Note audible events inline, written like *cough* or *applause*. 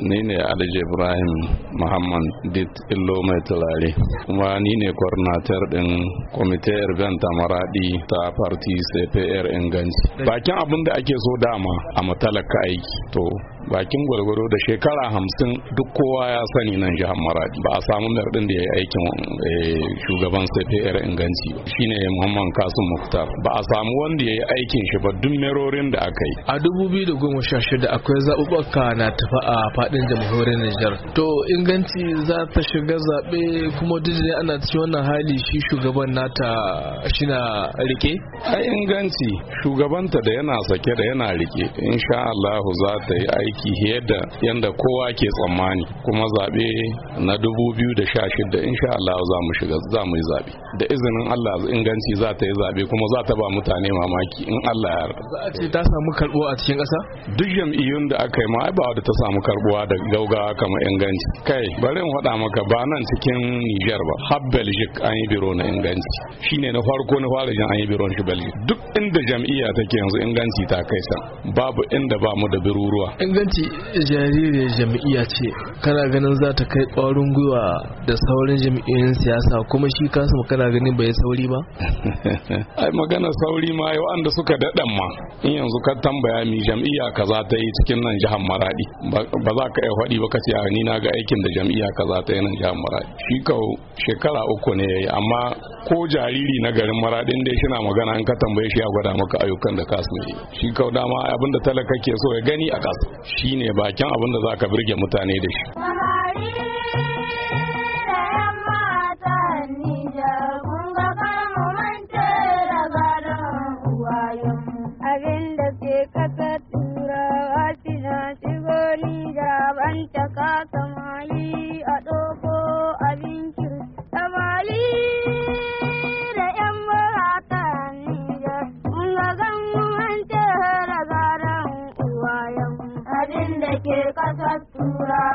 ni ne alhaji ibrahim muhammad dit illo mai tulare kuma ni ne coordinator din kwamite irgan tamaradi ta parti cpr inganci bakin abin da ake so dama a matalaka aiki to bakin gwargwaro da shekara hamsin duk kowa ya sani nan jihar maradi ba a samu lardin da ya yi aikin eh, shugaban cpr inganci shine muhammad kasim muktar ba a samu wanda ya yi aikin shi ba duk merorin da aka yi a 2016 akwai zaɓuɓɓuka na tafa a faɗin jamhuriyar nijar to inganci za ta shiga zaɓe kuma duk ana cikin wannan hali shi shugaban nata na rike a inganci shugabanta da yana sake da yana rike insha Allah za ta yi aiki aiki yadda kowa ke tsammani kuma zaɓe na 2016 insha Allah za mu shiga za mu yi zaɓe da izinin Allah inganci za ta yi zaɓe kuma za ta ba mutane mamaki in Allah ya yarda za a ce ta samu karɓuwa a cikin ƙasa duk jam'iyyun da aka yi ma ai ba wadda ta samu karɓuwa da gaugawa kamar inganci kai bari in faɗa maka ba nan cikin Niger ba har Belgic an yi biro na inganci shine na farko na fara jin an yi biro shi Belgic duk inda jam'iyya take yanzu inganci ta kai san babu inda ba mu da biruruwa musulunci jaririyar jam'iyya ce kana ganin za ta kai ƙwarin gwiwa da saurin jam'iyyun siyasa kuma shi kasu kana ganin bai sauri ba *laughs* ai magana sauri ma yau an da suka daɗan ma in yanzu ka tambaya mi jam'iyya za ta yi cikin nan jihar maradi ba za ka iya faɗi ba ka ce a ni na ga aikin da jam'iyya za ta yi nan jihar maradi shi kawo shekara uku ne yayi amma ko jariri na garin maradin dai shi na magana in ka tambaye shi ya gwada maka ayyukan da kasu ne shi kawo dama abin da talaka ke so ya gani a kasu shine bakin abin da za ka birge mutane da shi Abin da ke ƙasar turawa shigo ni da ban ta ke ƙasar turawa